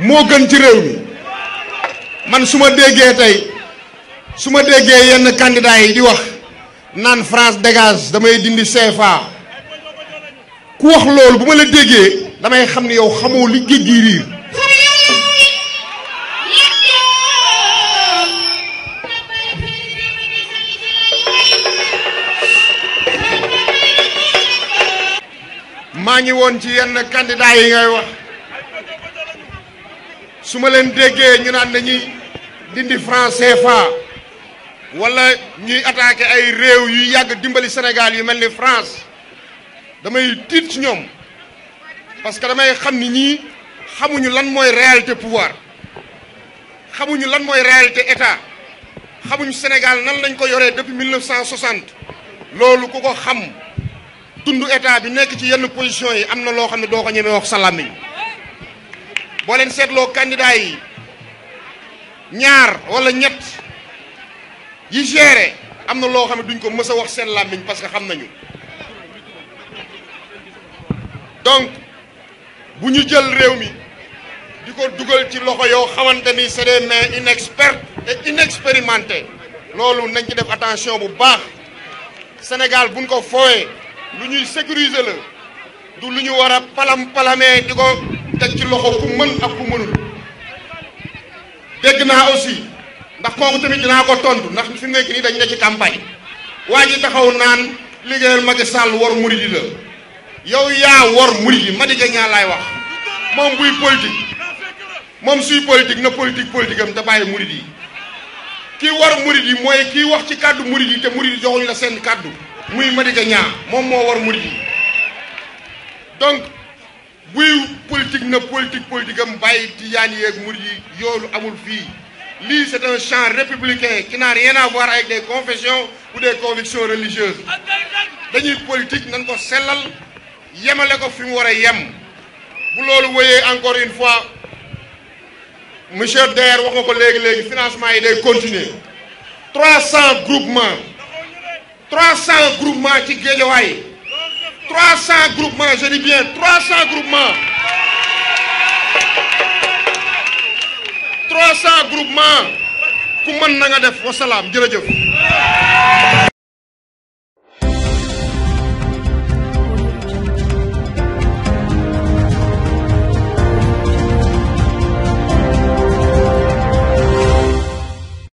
mo gën ci réew mi man suma déggé tay suma déggé yenn candidat yi di wax nan France dégage damay dindi CFA ku wax lool buma la déggé damay xamni yow xamoo li géej riir maa ngi woon ci yenn candidat yi ngay wax su ma leen déggee ñu naan dañuy dindi franc CFA wala ñuy attaqué ay réew yuy yàgg dimbali Sénégal yu mel ni France damay tiit ci ñoom parce que damay xam ni ñii xamuñu lan mooy réalité pouvoir xamuñu lan mooy réalité état xamuñu Sénégal nan lañ ko yoree depuis 1960 loolu ku ko xam tund état bi nekk ci yenn position yi am na loo xam ne doo ko ñemee wax sa boo leen seetloo candidat yi ñaar wala ñett yi géré am na loo xam ne duñ ko mës a wax seen làmmiñ parce que xam nañu donc bu ñu jël réew mi di ko dugal ci loxo yoo xamante ni c'est des mains inexpertes et inexpérimentées loolu nañ ci def attention bu baax Sénégal buñ ko fooyee lu ñuy sécuriser la du lu ñu war a palam di ko teg ci loxo ku mën ak ku mënul dégg naa aussi ndax kooku tamit dinaa ko tontu ndax fi mu nekk nii dañ ne ci campagne waa ji taxaw naan liggéeyal Macky Sall war murid yi la yow yaa wor murid yi Madické Niang laay wax moom buy politique moom suy politique na politique politique am te bàyyi murid yi kii war murid yi mooy kii wax ci kàddu murid yi te murid yi joxuñu la seen kàddu muy Madické Niang moom moo war murid yi Oui, politique politique, politique politique c'est un champ républicain qui n'a rien à voir avec des confessions ou des convictions religieuses dañuy politique ko ko yem bu encore une fois monsieur Der wax nga ko financement yi day continuer groupements 300 groupements qui 300 groupements, je dis bien 300 groupements. 300 groupements. Comment on a nga def wasalaam